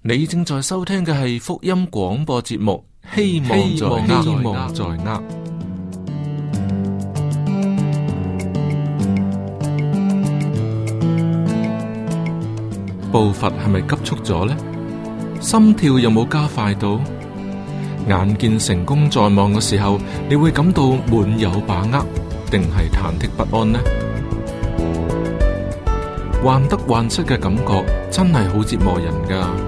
你正在收聽嘅係福音廣播節目，希望希望在握。步伐係咪急促咗呢？心跳有冇加快到？眼見成功在望嘅時候，你會感到滿有把握，定係忐忑不安呢？患得患失嘅感覺真係好折磨人噶。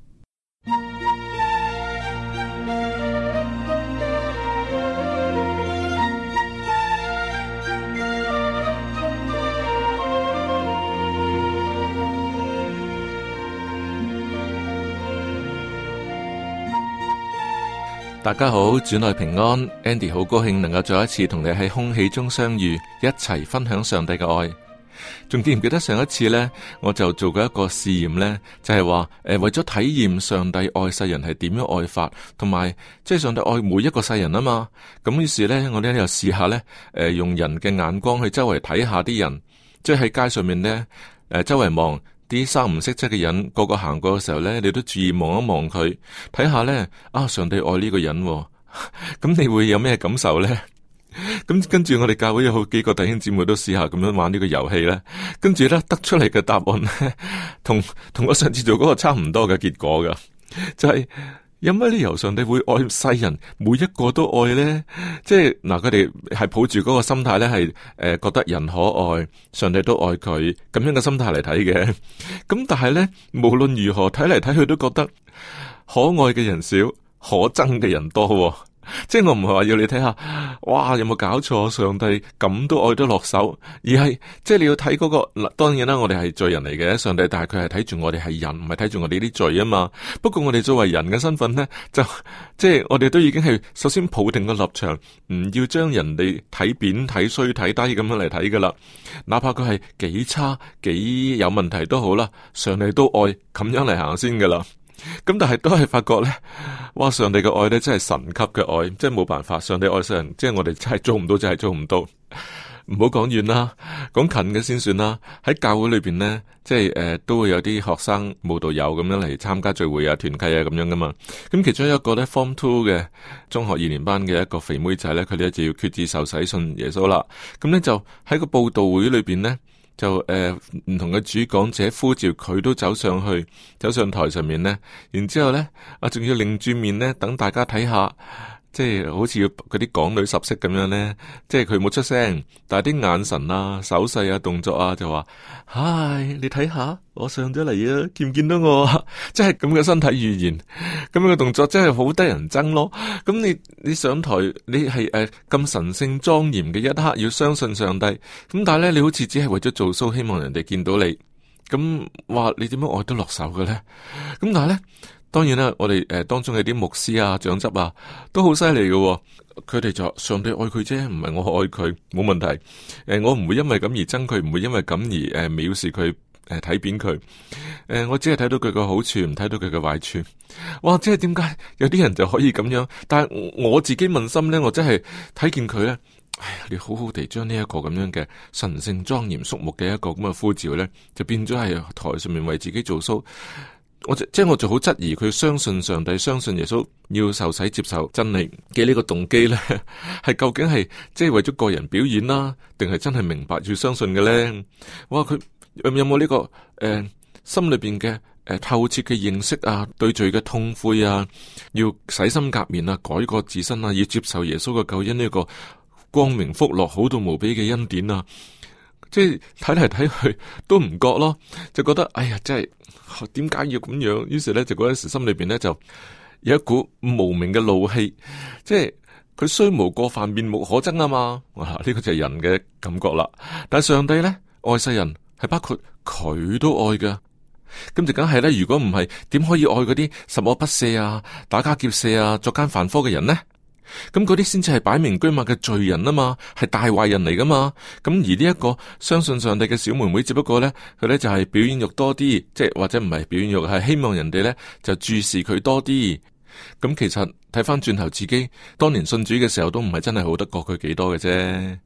大家好，主內平安，Andy 好高興能夠再一次同你喺空氣中相遇，一齊分享上帝嘅愛。仲記唔記得上一次呢？我就做過一個試驗呢，就係、是、話，誒為咗體驗上帝愛世人係點樣愛法，同埋即係上帝愛每一個世人啊嘛。咁於是呢，我呢又試下呢，誒、呃、用人嘅眼光去周圍睇下啲人，即係喺街上面呢，誒、呃、周圍望。啲三唔識七嘅人，個個行過嘅時候咧，你都注意望一望佢，睇下咧，啊，上帝愛呢個人，哦，咁你會有咩感受咧？咁 跟住我哋教會有好幾個弟兄姊妹都試下咁樣玩呢個遊戲咧，跟住咧得出嚟嘅答案咧，同 同我上次做嗰個差唔多嘅結果噶，就係。有乜理由上帝會愛世人，每一個都愛咧？即係嗱，佢哋係抱住嗰個心態咧，係、呃、誒覺得人可愛，上帝都愛佢咁樣嘅心態嚟睇嘅。咁但係咧，無論如何睇嚟睇去都覺得可愛嘅人少，可憎嘅人多喎。即係我唔係話要你睇下，哇，有冇搞錯？上帝咁都愛得落手，而係即係你要睇嗰個嗱，當然啦，我哋係罪人嚟嘅，上帝，但係佢係睇住我哋係人，唔係睇住我哋啲罪啊嘛。不過我哋作為人嘅身份咧，就即係我哋都已經係首先抱定個立場，唔要將人哋睇扁、睇衰、睇低咁樣嚟睇噶啦。哪怕佢係幾差、幾有問題都好啦，上帝都愛咁樣嚟行先噶啦。咁但係都係發覺咧，哇！上帝嘅愛咧，真係神級嘅愛，真係冇辦法。上帝愛世人，即係我哋真係做唔到，真係做唔到。唔好講遠啦，講近嘅先算啦。喺教會裏邊咧，即係誒、呃，都會有啲學生、慕道友咁樣嚟參加聚會團啊、團契啊咁樣噶嘛。咁其中一個咧 Form Two 嘅中學二年班嘅一個肥妹仔咧，佢哋就要決志受洗信耶穌啦。咁咧就喺個布道會裏邊咧。就誒呃、唔同嘅主講者呼召，佢都走上去，走上台上面咧，然之後咧，啊仲要擰住面咧，等大家睇下。即係好似佢啲港女十色咁樣呢，即係佢冇出聲，但係啲眼神啊、手勢啊、動作啊就話，唉，你睇下，我上咗嚟啊，見唔見到我？ 即係咁嘅身體語言，咁樣嘅動作，真係好得人憎咯。咁你你上台，你係誒咁神聖莊嚴嘅一刻，要相信上帝。咁但係呢，你好似只係為咗做 show，希望人哋見到你，咁話你點樣愛得落手嘅呢？」咁但係呢。當然啦，我哋誒當中有啲牧師啊、長執啊，都好犀利嘅。佢哋就上帝愛佢啫，唔係我愛佢，冇問題。誒、呃，我唔會因為咁而憎佢，唔會因為咁而誒藐視佢，誒、呃、睇扁佢。誒、呃，我只係睇到佢嘅好處，唔睇到佢嘅壞處。哇！即係點解有啲人就可以咁樣？但係我自己問心咧，我真係睇見佢咧。哎呀，你好好地將呢一個咁樣嘅神聖莊嚴肅穆嘅一個咁嘅呼召咧，就變咗係台上面為自己做 show。我即即我就好質疑佢相信上帝、相信耶穌要受洗、接受真理嘅呢個動機咧，係 究竟係即係為咗個人表演啦，定係真係明白要相信嘅咧？哇！佢有冇呢、這個誒、呃、心裏邊嘅誒透徹嘅認識啊？對罪嘅痛悔啊，要洗心革面啊，改過自身啊，要接受耶穌嘅救恩呢個光明、福樂好到無比嘅恩典啊！即係睇嚟睇去都唔覺咯，就覺得哎呀，真係點解要咁樣？於是咧就嗰陣時心裏邊咧就有一股無名嘅怒氣。即係佢雖無過犯，面目可憎啊嘛！哇，呢、這個就係人嘅感覺啦。但係上帝咧愛世人，係包括佢都愛㗎。咁就梗係咧，如果唔係，點可以愛嗰啲十惡不赦啊、打家劫舍啊、作奸犯科嘅人呢？咁嗰啲先至係擺明居馬嘅罪人啊嘛，係大壞人嚟噶嘛。咁而呢、這、一個相信上帝嘅小妹妹，只不過呢，佢呢就係表演欲多啲，即係或者唔係表演欲，係希望人哋呢就注視佢多啲。咁其實睇翻轉頭自己當年信主嘅時候，都唔係真係好得過佢幾多嘅啫。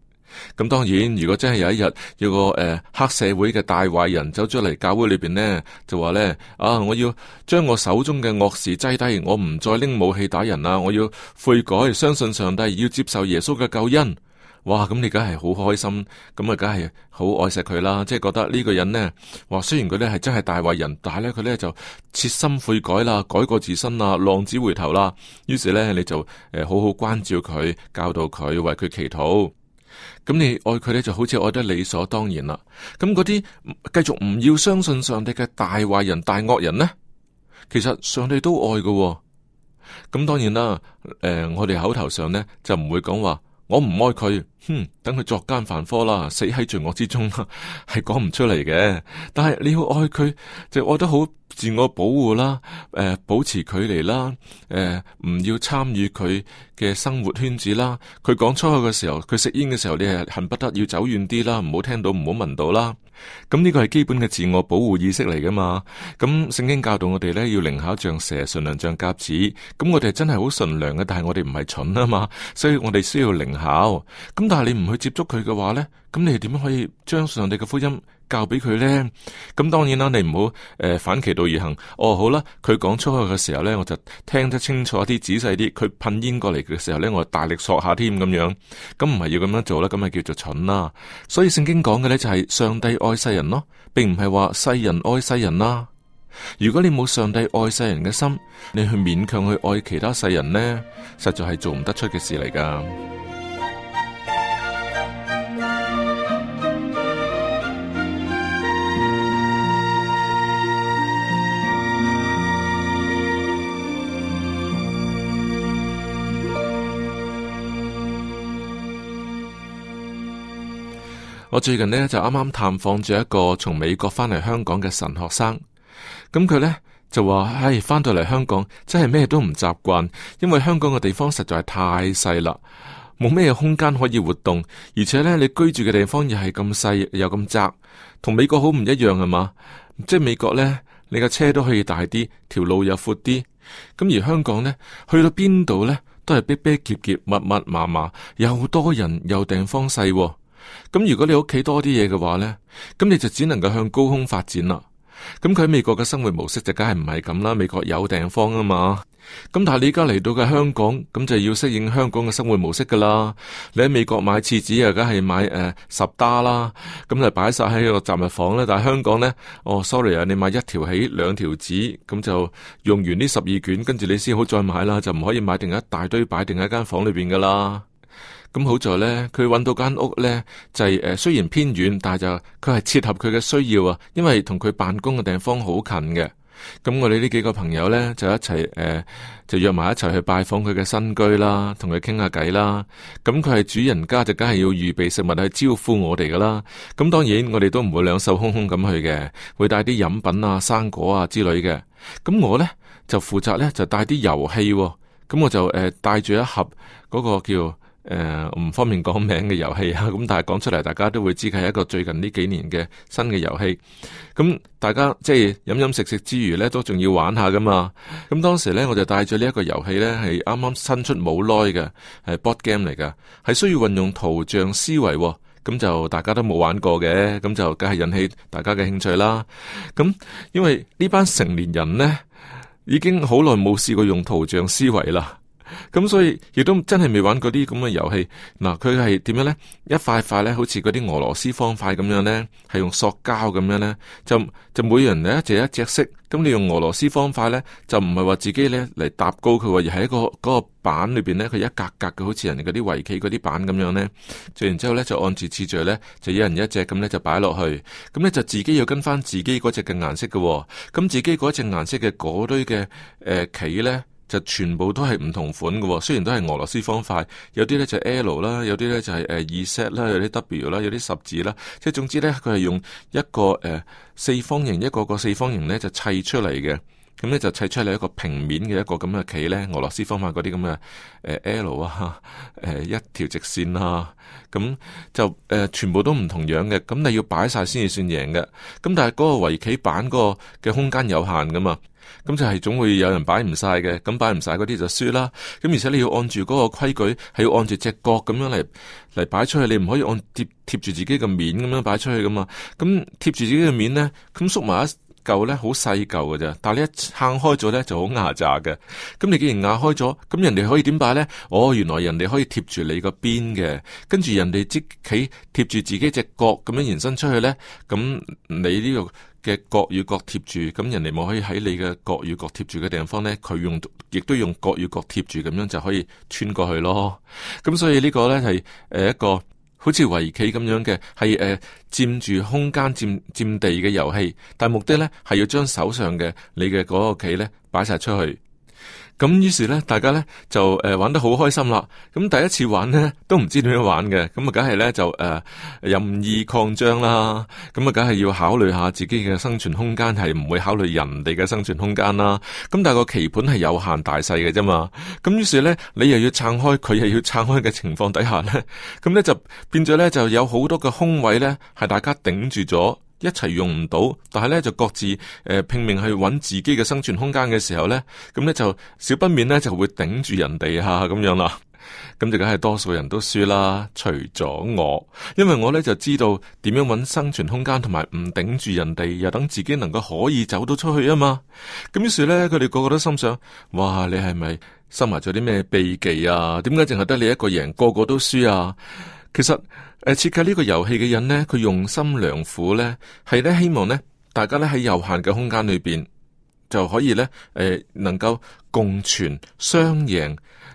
咁當然，如果真係有一日有一個誒、呃、黑社會嘅大壞人走出嚟，教會裏邊呢，就話呢：「啊，我要將我手中嘅惡事擠低，我唔再拎武器打人啦，我要悔改，相信上帝，要接受耶穌嘅救恩。」哇，咁你梗係好開心，咁啊，梗係好愛錫佢啦，即係覺得呢個人呢，哇，雖然佢呢係真係大壞人，但係呢，佢呢就切心悔改啦，改過自新啦，浪子回頭啦。於是呢，你就誒好好關照佢，教導佢，為佢祈禱。咁你愛佢咧，就好似愛得理所當然啦。咁嗰啲繼續唔要相信上帝嘅大壞人大惡人咧，其實上帝都愛嘅喎。咁當然啦，誒、呃，我哋口頭上咧就唔會講話，我唔愛佢。哼、嗯，等佢作奸犯科啦，死喺罪惡之中啦，係講唔出嚟嘅。但係你好愛佢，就愛得好自我保護啦，誒、呃，保持距離啦，誒、呃，唔要參與佢嘅生活圈子啦。佢講粗口嘅時候，佢食煙嘅時候，你係恨不得要走遠啲啦，唔好聽到，唔好聞到啦。咁呢個係基本嘅自我保護意識嚟噶嘛。咁、嗯、聖經教導我哋咧，要靈巧像蛇，馴良像鴿子。咁、嗯、我哋真係好馴良嘅，但係我哋唔係蠢啊嘛，所以我哋需要靈巧。咁、嗯你唔去接觸佢嘅話呢，咁你點樣可以將上帝嘅福音教俾佢呢？咁當然啦，你唔好誒反其道而行。哦，好啦，佢講出去嘅時候呢，我就聽得清楚啲、仔細啲。佢噴煙過嚟嘅時候呢，我就大力索下添咁樣。咁唔係要咁樣做啦，咁咪叫做蠢啦。所以聖經講嘅呢，就係上帝愛世人咯，並唔係話世人愛世人啦。如果你冇上帝愛世人嘅心，你去勉強去愛其他世人呢，實在係做唔得出嘅事嚟㗎。我最近呢，就啱啱探訪住一個從美國返嚟香港嘅神學生，咁佢呢，就話，唉，返到嚟香港真係咩都唔習慣，因為香港嘅地方實在係太細啦，冇咩空間可以活動，而且呢，你居住嘅地方又係咁細又咁窄，同美國好唔一樣吖嘛？即係美國呢，你架車都可以大啲，條路又闊啲，咁而香港呢，去到邊度呢，都係逼逼疊疊、密密麻麻，又多人又地方細。咁如果你屋企多啲嘢嘅話呢，咁你就只能夠向高空發展啦。咁佢喺美國嘅生活模式就梗係唔係咁啦。美國有訂方啊嘛。咁但係你而家嚟到嘅香港，咁就要適應香港嘅生活模式噶啦。你喺美國買廁紙啊，梗係買誒、呃、十打啦。咁就擺晒喺個雜物房咧。但係香港呢，哦，sorry 啊，你買一條起兩條紙，咁就用完呢十二卷，跟住你先好再買啦，就唔可以買定一大堆擺定喺間房裏邊噶啦。咁好在呢，佢揾到間屋呢，就係、是、誒，雖然偏遠，但係就佢係切合佢嘅需要啊。因為同佢辦公嘅地方好近嘅。咁我哋呢幾個朋友呢，就一齊誒、呃，就約埋一齊去拜訪佢嘅新居啦，同佢傾下偈啦。咁佢係主人家，就梗係要預備食物去招呼我哋噶啦。咁當然我哋都唔會兩手空空咁去嘅，會帶啲飲品啊、生果啊之類嘅。咁我呢，就負責呢，就帶啲遊戲。咁我就誒帶住一盒嗰個叫、誒唔、呃、方便講名嘅遊戲啊，咁但係講出嚟，大家都會知係一個最近呢幾年嘅新嘅遊戲。咁大家即係飲飲食食之餘咧，都仲要玩下噶嘛。咁當時呢，我就帶咗呢一個遊戲呢，係啱啱新出冇耐嘅，係 board game 嚟嘅，係需要運用圖像思維。咁、啊、就、嗯、大家都冇玩過嘅，咁、嗯、就梗係引起大家嘅興趣啦。咁、嗯、因為呢班成年人呢，已經好耐冇試過用圖像思維啦。咁、嗯、所以亦都真係未玩過啲咁嘅遊戲嗱，佢係點樣呢？一塊塊呢，好似嗰啲俄羅斯方塊咁樣呢，係用塑膠咁樣呢，就就每人呢就一隻一隻色。咁你用俄羅斯方塊呢，就唔係話自己呢嚟搭高佢，而喺個嗰、嗰個板裏邊呢，佢一格格嘅，好似人哋嗰啲圍棋嗰啲板咁樣呢。做完之後呢，就按住次序呢，就一人一隻咁呢，就擺落去。咁呢，就自己要跟翻自己嗰隻嘅顏色嘅、哦。咁自己嗰隻顏色嘅嗰堆嘅誒、呃、棋呢。就全部都係唔同款嘅喎，雖然都係俄羅斯方塊，有啲咧就 L 啦，有啲咧就係誒二 set 啦，有啲 W 啦，有啲十字啦，即係總之咧佢係用一個誒、呃、四方形一個個四方形咧就砌出嚟嘅，咁咧就砌出嚟一個平面嘅一個咁嘅棋咧，俄羅斯方塊嗰啲咁嘅誒 L 啊，誒、呃、一條直線啊。咁就誒、呃、全部都唔同樣嘅，咁你要擺晒先至算贏嘅，咁但係嗰個圍棋板嗰個嘅空間有限㗎嘛。咁就係總會有人擺唔晒嘅，咁擺唔晒嗰啲就輸啦。咁而且你要按住嗰個規矩，係要按住隻角咁樣嚟嚟擺出去，你唔可以按貼貼住自己個面咁樣擺出去噶嘛。咁貼住自己個面咧，咁縮埋一嚿咧，好細嚿噶咋。但係你一撐開咗咧，就好壓榨嘅。咁你既然壓開咗，咁人哋可以點擺咧？哦，原來人哋可以貼住你個邊嘅，跟住人哋即企貼住自己隻角咁樣延伸出去咧。咁，嗯，你呢，呢個？嘅角與角貼住，咁人哋冇可以喺你嘅角與角貼住嘅地方咧，佢用亦都用角與角貼住咁樣就可以穿過去咯。咁所以呢個咧係誒一個好似圍棋咁樣嘅係誒佔住空間佔佔地嘅遊戲，但係目的咧係要將手上嘅你嘅嗰個棋咧擺晒出去。咁於是咧，大家咧就誒、呃、玩得好開心啦。咁第一次玩咧，都唔知點樣玩嘅。咁啊，梗係咧就誒、呃、任意擴張啦。咁啊，梗係要考慮下自己嘅生存空間，係唔會考慮人哋嘅生存空間啦。咁但係個棋盤係有限大細嘅啫嘛。咁於是咧，你又要撐開，佢又要撐開嘅情況底下咧，咁咧就變咗咧就有好多嘅空位咧，係大家頂住咗。一齊用唔到，但係咧就各自誒、呃，拼命去揾自己嘅生存空間嘅時候呢，咁呢就少不免呢就會頂住人哋吓咁樣啦、啊。咁 就梗係多數人都輸啦，除咗我，因為我呢就知道點樣揾生存空間同埋唔頂住人哋，又等自己能夠可以走到出去啊嘛。咁於是呢，佢哋個個都心想：哇，你係咪收埋咗啲咩秘技啊？點解淨係得你一個贏個個都輸啊？其實，誒，設計呢個遊戲嘅人咧，佢用心良苦咧，係希望大家咧喺有限嘅空間裏面，就可以咧、呃，能夠共存、雙贏，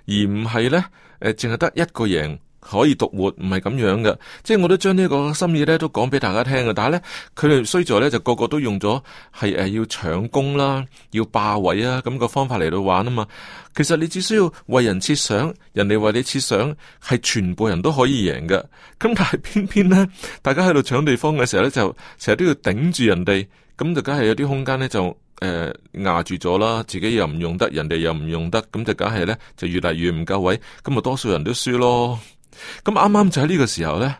而唔係咧，誒、呃，淨係得一個贏。可以獨活唔係咁樣嘅，即係我都將呢個心意咧都講俾大家聽嘅。但係咧，佢哋衰咗咧就個個都用咗係誒要搶攻啦，要霸位啊咁個方法嚟到玩啊嘛。其實你只需要為人設想，人哋為你設想，係全部人都可以贏嘅。咁但係偏偏咧，大家喺度搶地方嘅時候咧，就成日都要頂住人哋，咁就梗係有啲空間咧就誒壓住咗啦。自己又唔用得，人哋又唔用得，咁就梗係咧就越嚟越唔夠位，咁啊多數人都輸咯。咁啱啱就喺呢個時候呢，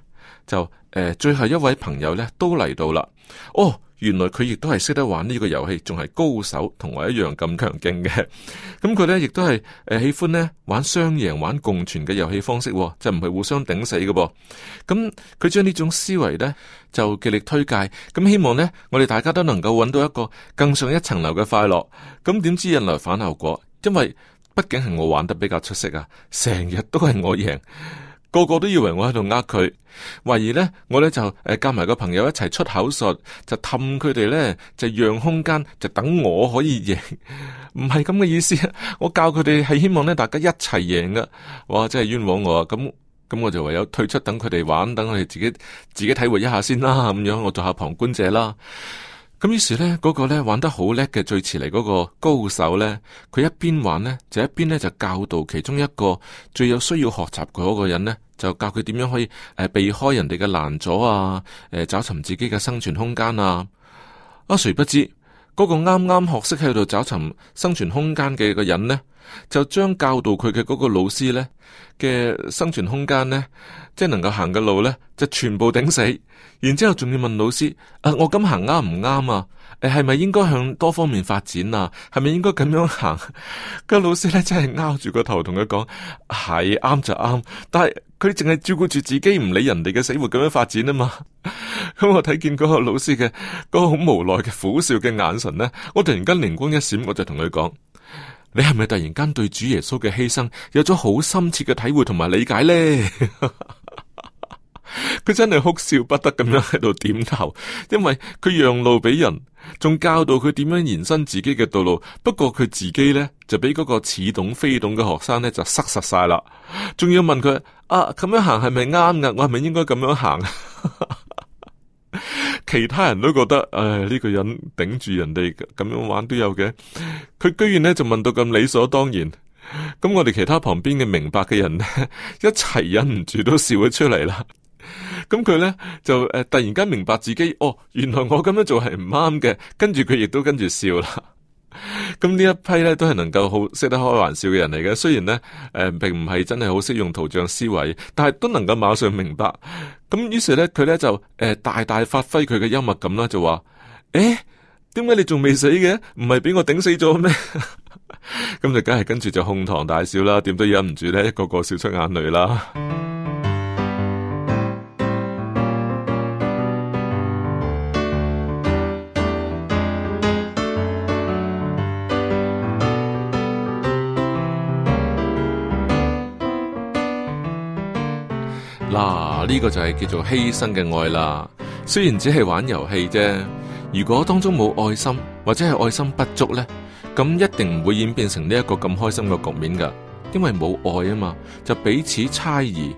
就誒、欸，最後一位朋友呢都嚟到啦。哦，原來佢亦都係識得玩呢個遊戲，仲係高手，同我一樣咁強勁嘅。咁 佢、嗯、呢亦都係誒喜歡呢玩雙贏、玩共存嘅遊戲方式，哦、就唔係互相頂死嘅噃。咁佢將呢種思維呢就極力推介，咁、嗯、希望呢，我哋大家都能夠揾到一個更上一層樓嘅快樂。咁、嗯、點、嗯嗯、知引來反效果，因為畢竟係我玩得比較出色啊，成日都係我贏。個個都以為我喺度呃佢，懷疑呢，我呢就誒夾埋個朋友一齊出口術，就氹佢哋呢，就讓空間，就等我可以贏，唔係咁嘅意思。我教佢哋係希望呢大家一齊贏噶，哇真係冤枉我啊！咁咁我就唯有退出等佢哋玩，等佢哋自己自己體會一下先啦。咁樣我做下旁觀者啦。咁於是呢嗰、嗰個呢玩得好叻嘅最遲嚟嗰個高手呢，佢一邊玩呢，就一邊呢就教導其中一個最有需要學習佢嗰個人呢，就教佢點樣可以、呃、避開人哋嘅難阻啊！誒、呃，找尋自己嘅生存空間啊！啊，誰不知嗰、嗰個啱啱學識喺度找尋生存空間嘅個人呢，就將教導佢嘅嗰個老師呢嘅生存空間呢，即係能夠行嘅路呢，就全部頂死。然之後仲要問老師：誒、啊，我咁行啱唔啱啊？誒、啊，係咪應該向多方面發展啊？係咪應該咁樣行？個 老師呢，真係拗住個頭同佢講：係啱就啱。但係佢淨係照顧住自己，唔理人哋嘅死活咁樣發展啊嘛。咁、 嗯、我睇見嗰個老師嘅嗰、那個好無奈嘅苦笑嘅眼神呢，我突然間靈光一閃，我就同佢講：你係咪突然間對主耶穌嘅犧牲有咗好深切嘅體會同埋理解呢？ 」佢真係哭笑不得咁樣喺度點頭，因為佢讓路俾人，仲教導佢點樣延伸自己嘅道路。不過佢自己呢，就俾嗰個似懂非懂嘅學生呢就塞實晒啦，仲要問佢啊，咁樣行係咪啱呀？我係咪應該咁樣行呀？ 其他人都覺得誒呢、這個人頂住人哋咁樣玩都有嘅，佢居然呢就問到咁理所當然。咁我哋其他旁邊嘅明白嘅人呢，一齊忍唔住都笑咗出嚟啦。咁佢咧就誒、呃、突然間明白自己哦，原來我咁樣做係唔啱嘅，跟住佢亦都跟住笑啦。咁 呢一批咧都係能夠好識得開玩笑嘅人嚟嘅，雖然咧誒、呃、並唔係真係好識用圖像思維，但係都能夠馬上明白。咁於是咧佢咧就誒、呃、大大發揮佢嘅幽默感啦，就話誒點解你仲未死嘅？唔係俾我頂死咗咩？咁 就梗係跟住就哄堂大笑啦，點都忍唔住咧，一個個笑出眼淚啦。呢個就係叫做犧牲嘅愛啦。雖然只係玩遊戲啫，如果當中冇愛心或者係愛心不足呢，咁一定唔會演變成呢一個咁開心嘅局面噶。因為冇愛啊嘛，就彼此猜疑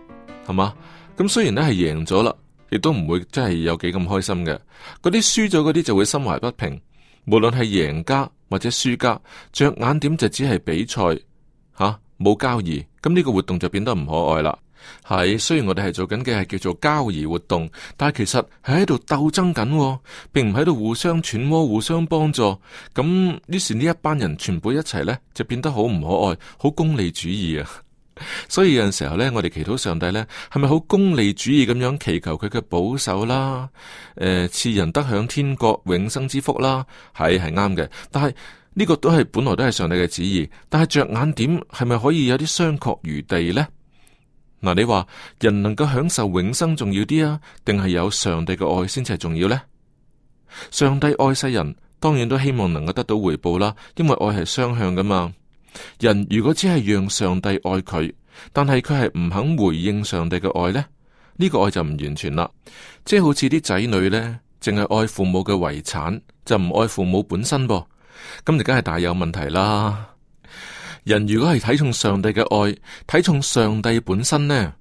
係嘛。咁雖然咧係贏咗啦，亦都唔會真係有幾咁開心嘅。嗰啲輸咗嗰啲就會心懷不平。無論係贏家或者輸家，着眼點就只係比賽吓，冇、啊、交易。咁呢個活動就變得唔可愛啦。係，雖然我哋係做緊嘅係叫做交易活動，但係其實係喺度鬥爭緊，並唔喺度互相揣摩、互相幫助。咁於是呢一班人全部一齊呢，就變得好唔可愛，好功利主義啊！所以有陣時候呢，我哋祈禱上帝呢，係咪好功利主義咁樣祈求佢嘅保守啦、啊？誒、呃，賜人得享天國永生之福啦、啊？係係啱嘅，但係呢、這個都係本來都係上帝嘅旨意，但係着眼點係咪可以有啲商榷餘地呢？嗱、啊，你話人能夠享受永生重要啲啊，定係有上帝嘅愛先至係重要呢？上帝愛世人，當然都希望能夠得到回報啦，因為愛係雙向噶嘛。人如果只係讓上帝愛佢，但係佢係唔肯回應上帝嘅愛呢，呢、呢個愛就唔完全啦。即係好似啲仔女呢，淨係愛父母嘅遺產，就唔愛父母本身噃，咁而家梗係大有問題啦。人如果係睇重上帝嘅愛，睇重上帝本身呢，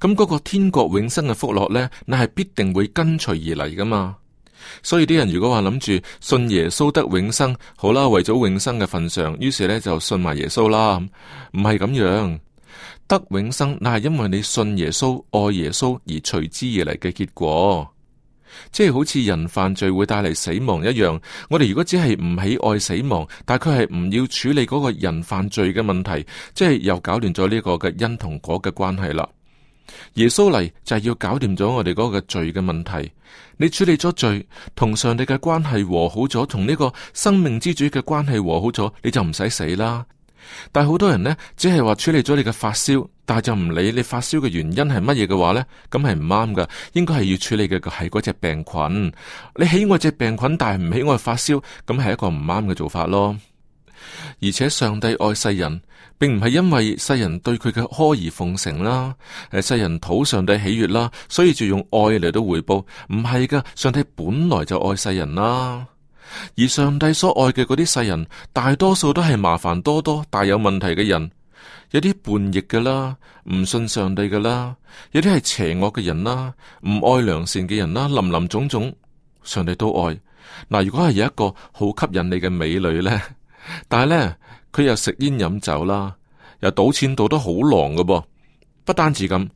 咁嗰個天國永生嘅福樂呢，你係必定會跟隨而嚟噶嘛。所以啲人如果話諗住信耶穌得永生，好啦，為咗永生嘅份上，於是呢就信埋耶穌啦。唔係咁樣，得永生，那係因為你信耶穌、愛耶穌而隨之而嚟嘅結果。即係好似人犯罪會帶嚟死亡一樣，我哋如果只係唔喜愛死亡，但佢係唔要處理嗰個人犯罪嘅問題，即係又搞掂咗呢個嘅因同果嘅關係啦。耶穌嚟就係要搞掂咗我哋嗰個罪嘅問題，你處理咗罪，同上帝嘅關係和好咗，同呢個生命之主嘅關係和好咗，你就唔使死啦。但好多人呢，只係話處理咗你嘅發燒，但係就唔理你發燒嘅原因係乜嘢嘅話呢？咁係唔啱噶。應該係要處理嘅係嗰隻病菌。你喜愛隻病菌，但係唔喜愛發燒，咁係一個唔啱嘅做法咯。而且上帝愛世人，並唔係因為世人對佢嘅阿諛奉承啦，誒，世人討上帝喜悅啦，所以就用愛嚟到回報。唔係噶，上帝本來就愛世人啦。而上帝所愛嘅嗰啲世人，大多數都係麻煩多多、大有問題嘅人，有啲叛逆噶啦，唔信上帝噶啦，有啲係邪惡嘅人啦，唔愛良善嘅人啦，林林種種，上帝都愛嗱。如果係有一個好吸引你嘅美女咧，但係咧佢又食煙飲酒啦，又賭錢賭得好狼噶噃，不單止咁。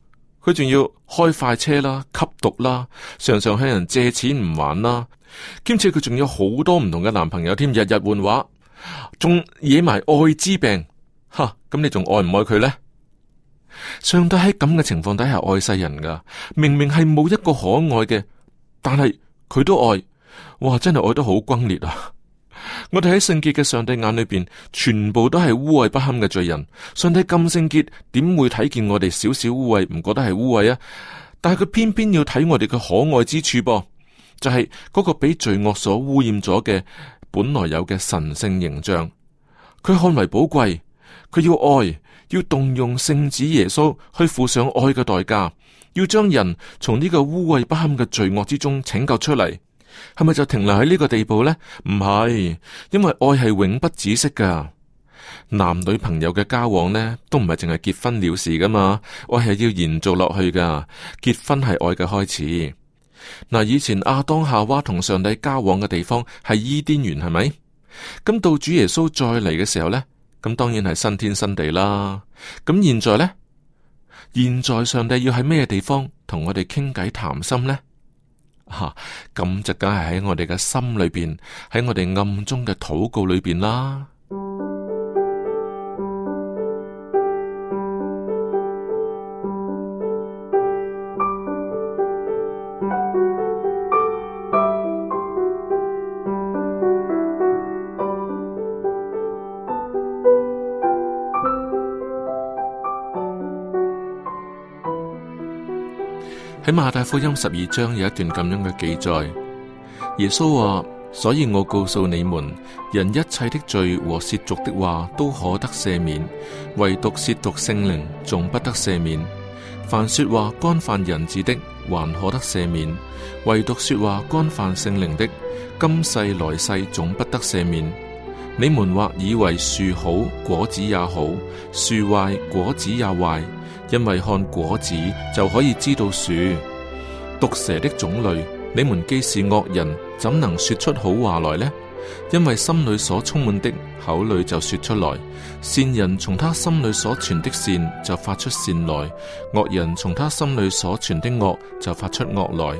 佢仲要開快車啦、吸毒啦，常常向人借錢唔還啦，兼且佢仲有好多唔同嘅男朋友添，日日換畫，仲惹埋艾滋病，吓，咁你仲愛唔愛佢呢？上帝喺咁嘅情況底下愛世人噶，明明係冇一個可愛嘅，但係佢都愛，哇真係愛得好轟烈啊！我哋喺聖潔嘅上帝眼裏邊，全部都係污穢不堪嘅罪人。上帝咁聖潔，點會睇見我哋少少污穢，唔覺得係污穢啊？但係佢偏偏要睇我哋嘅可愛之處，噃。就係、是、嗰個俾罪惡所污染咗嘅本來有嘅神聖形象。佢看為寶貴，佢要愛，要動用聖子耶穌去付上愛嘅代價，要將人從呢個污穢不堪嘅罪惡之中拯救出嚟。係咪就停留喺呢個地步呢？唔係，因為愛係永不止息噶男女朋友嘅交往呢，都唔係淨係結婚了事噶嘛，愛係要延續落去噶。結婚係愛嘅開始。嗱，以前亞當夏娃同上帝交往嘅地方係伊甸園，係咪？咁到主耶穌再嚟嘅時候呢？咁當然係新天新地啦。咁現在呢？現在上帝要喺咩地方同我哋傾偈談心呢？吓，咁就梗係喺我哋嘅心裏邊，喺我哋暗中嘅禱告裏邊啦。喺馬太福音十二章有一段咁樣嘅記載，耶穌話：所以我告訴你們，人一切的罪和褻瀆的話都可得赦免，唯獨褻瀆聖靈，仲不得赦免。凡說話干犯人子的，還可得赦免，唯獨說話干犯聖靈的，今世來世總不得赦免。你們或以為樹好果子也好，樹壞果子也壞，因為看果子就可以知道樹。毒蛇的種類。你們既是惡人，怎能說出好話來呢？因為心裏所充滿的，口裏就說出來。善人從他心裏所傳的善就發出善來，惡人從他心裏所傳的惡就發出惡來。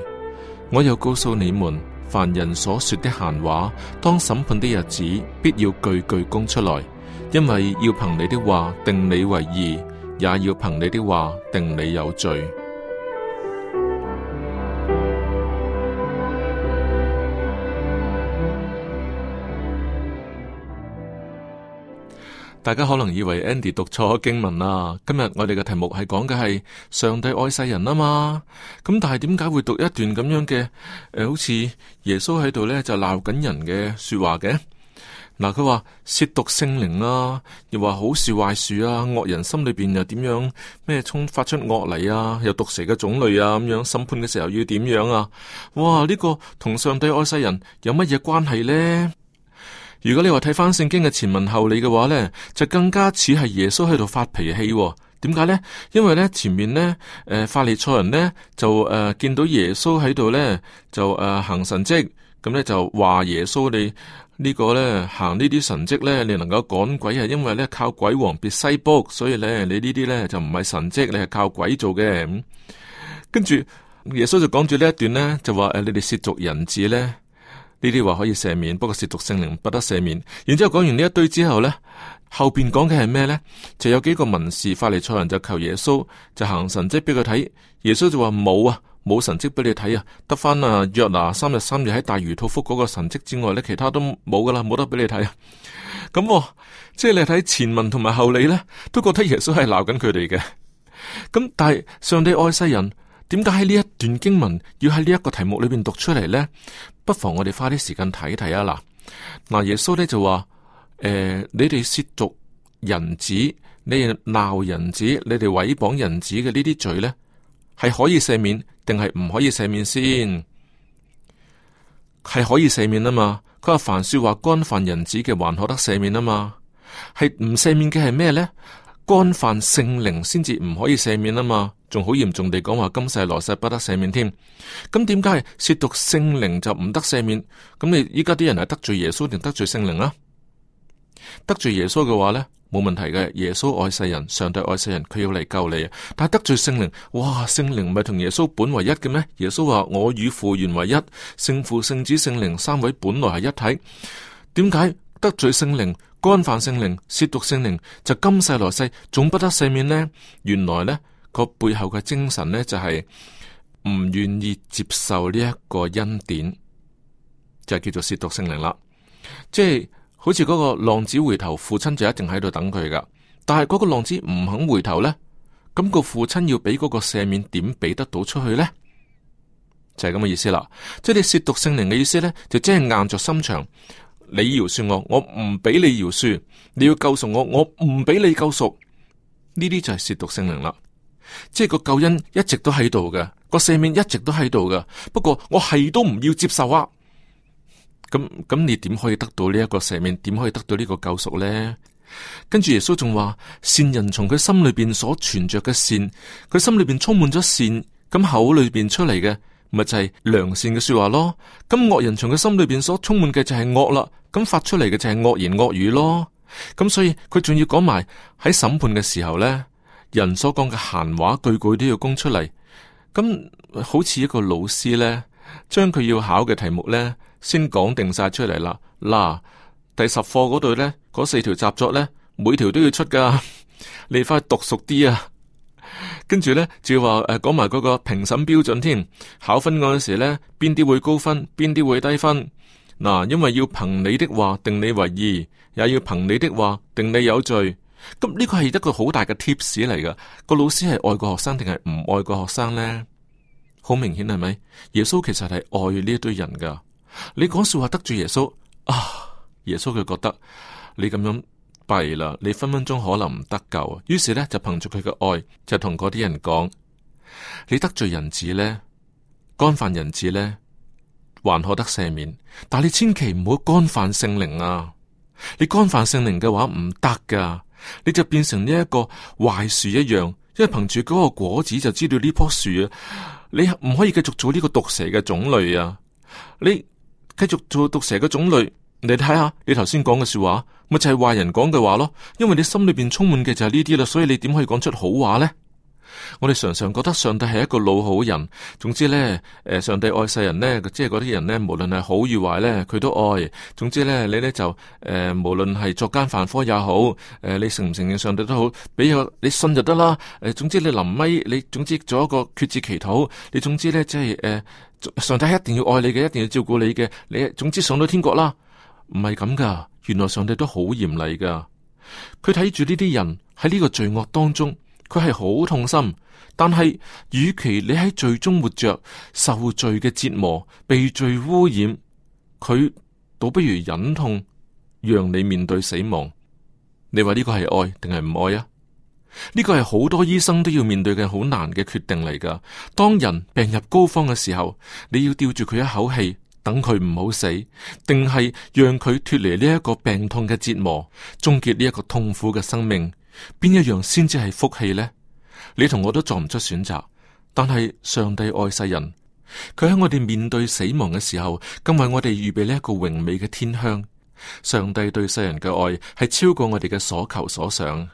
我又告訴你們。凡人所說的閒話，當審判的日子，必要句句供出來，因為要憑你的話定你為義，也要憑你的話定你有罪。大家可能以為 Andy 讀錯經文啦、啊。今日我哋嘅題目係講嘅係上帝愛世人啊嘛。咁但係點解會讀一段咁樣嘅？誒、呃，好似耶穌喺度咧就鬧緊人嘅說話嘅。嗱、呃，佢話褻瀆聖靈啦、啊，又話好事壞事啊，惡人心裏邊又點樣咩？沖發出惡嚟啊，有毒蛇嘅種類啊咁樣審判嘅時候要點樣啊？哇！呢、這個同上帝愛世人有乜嘢關係咧？如果你話睇翻聖經嘅前文後理嘅話咧，就更加似係耶穌喺度發脾氣、哦。點解咧？因為咧前面咧，誒、呃、法利賽人咧就誒、呃、見到耶穌喺度咧就誒、呃、行神跡，咁、嗯、咧就話耶穌你個呢個咧行呢啲神跡咧，你能夠趕鬼係因為咧靠鬼王別西卜，所以咧你呢啲咧就唔係神跡，你係靠鬼做嘅。跟、嗯、住耶穌就講住呢一段咧，就話誒、呃、你哋褻瀆人子咧。呢啲話可以赦免，不過褻瀆聖靈不得赦免。然之後講完呢一堆之後呢，後邊講嘅係咩呢？就有幾個文士法利賽人就求耶穌就行神跡俾佢睇，耶穌就話冇啊，冇神跡俾你睇啊，得翻啊約拿三日三夜喺大魚肚腹嗰個神跡之外呢，其他都冇噶啦，冇得俾你睇啊。咁、嗯哦、即係你睇前文同埋後理呢，都覺得耶穌係鬧緊佢哋嘅。咁、嗯、但係上帝愛世人。點解喺呢一段經文要喺呢一個題目裏邊讀出嚟呢？不妨我哋花啲時間睇睇啊！嗱嗱，耶穌咧就話：誒、呃，你哋褻瀆人子，你哋鬧人子，你哋毀謗人子嘅呢啲罪呢，係可以赦免，定係唔可以赦免先？係可以赦免啊嘛！佢話凡說話干犯人子嘅，還可得赦免啊嘛？係唔赦免嘅係咩呢？干犯聖靈先至唔可以赦免啊嘛？仲好嚴重地講話，今世來世不得赦免添。咁點解褻瀆聖靈就唔得赦免？咁你依家啲人係得罪耶穌定得罪聖靈啊？得罪耶穌嘅話呢，冇問題嘅。耶穌愛世人，上帝愛世人，佢要嚟救你。但係得罪聖靈，哇，聖靈咪同耶穌本為一嘅咩？耶穌話我與父原為一，聖父、聖子、聖靈三位本來係一體。點解得罪聖靈、干犯聖靈、褻瀆聖靈就今世來世總不得赦免呢？原來呢。個背後嘅精神呢，就係唔願意接受呢一個恩典，就叫做褻瀆聖靈啦。即係好似嗰個浪子回頭，父親就一定喺度等佢噶。但係嗰個浪子唔肯回頭呢，咁個父親要俾嗰個赦免點俾得到出去呢？就係咁嘅意思啦。即係你褻瀆聖靈嘅意思呢，就即係硬着心腸，你饒恕我，我唔俾你饒恕；你要救贖我，我唔俾你救贖。呢啲就係褻瀆聖靈啦。即係個救恩一直都喺度嘅，個赦免一直都喺度嘅。不過我係都唔要接受啊。咁咁，你點可以得到呢一個赦免？點可以得到呢個救贖呢？跟住耶穌仲話：善人從佢心裏邊所存着嘅善，佢心裏邊充滿咗善，咁口裏邊出嚟嘅咪就係良善嘅說話咯。咁惡人從佢心裏邊所充滿嘅就係惡啦，咁發出嚟嘅就係惡言惡語咯。咁所以佢仲要講埋喺審判嘅時候呢。人所講嘅閒話句句都要供出嚟。咁好似一個老師呢，將佢要考嘅題目呢先講定晒出嚟啦。嗱，第十課嗰度呢，嗰四條習作呢，每條都要出㗎， 你返去讀熟啲啊。跟住呢，仲要話講埋嗰個評審標準添，考分嗰陣時咧，邊啲會高分，邊啲會低分。嗱，因為要憑你的話定你為義，也要憑你的話定你有罪。咁呢個係一個好大嘅貼士嚟噶。個老師係愛過學生定係唔愛過學生呢？好明顯係咪？耶穌其實係愛呢一堆人噶。你講說話得罪耶穌啊，耶穌佢覺得你咁樣弊啦，你分分鐘可能唔得救。於是呢，就憑住佢嘅愛，就同嗰啲人講：你得罪人子呢？干犯人子呢？還可得赦免；但你千祈唔好干犯聖靈啊！你干犯聖靈嘅話唔得噶。你就變成呢一個壞樹一樣，因為憑住嗰個果子就知道呢棵樹啊，你唔可以繼續做呢個毒蛇嘅種類啊！你繼續做毒蛇嘅種類，你睇下你頭先講嘅說話，咪就係壞人講嘅話咯。因為你心裏邊充滿嘅就係呢啲啦，所以你點可以講出好話咧？我哋常常覺得上帝係一個老好人，總之呢，誒,上帝愛世人呢，即係嗰啲人呢，無論係好與壞呢，佢都愛。總之呢，你呢就誒、呃，無論係作奸犯科也好，誒、呃，你承唔承認上帝都好，比如你信就得啦。誒，總之你臨尾你總之做一個決志祈禱，你總之呢，即係誒、呃，上帝一定要愛你嘅，一定要照顧你嘅，你總之上到天國啦。唔係咁噶，原來上帝都好嚴厲噶，佢睇住呢啲人喺呢個罪惡當中。佢係好痛心，但係與其，你喺罪中活着受罪嘅折磨，被罪污染，佢倒不如忍痛讓你面對死亡。你話呢個係愛定係唔愛啊？呢個係好多醫生都要面對嘅好難嘅決定嚟噶當人病入膏肓嘅時候，你要吊住佢一口氣，等佢唔好死，定係讓佢脫離呢一個病痛嘅折磨，終結呢一個痛苦嘅生命。邊一樣先至係福氣呢？你同我都做唔出選擇，但係上帝愛世人，佢喺我哋面對死亡嘅時候，更為我哋預備呢一個榮美嘅天鄉。上帝對世人嘅愛係超過我哋嘅所求所想。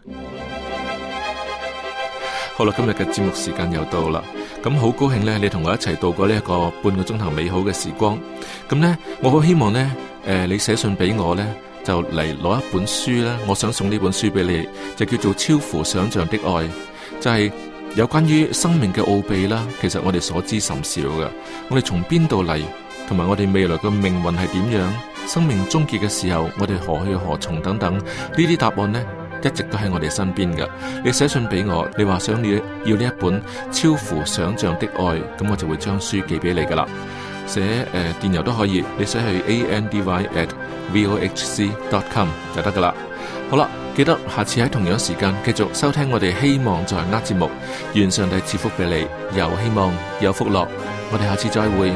好啦，今日嘅節目時間又到啦，咁好高興咧，你同我一齊度過呢一個半個鐘頭美好嘅時光。咁呢，我好希望呢，誒、呃，你寫信俾我呢。就嚟攞一本書啦，我想送呢本書俾你，就叫做超乎想象的愛，就係有關於生命嘅奧秘啦。其實我哋所知甚少嘅，我哋從邊度嚟，同埋我哋未來嘅命運係點樣，生命終結嘅時候，我哋何去何從等等，呢啲答案呢，一直都喺我哋身邊嘅。你寫信俾我，你話想要要呢一本超乎想象的愛，咁我就會將書寄俾你噶啦。寫誒、呃、電郵都可以，你想去 andy@vohc.com 就得噶啦。好啦，記得下次喺同樣時間繼續收聽我哋希望在握節目，願上帝賜福俾你，有希望有福樂。我哋下次再會。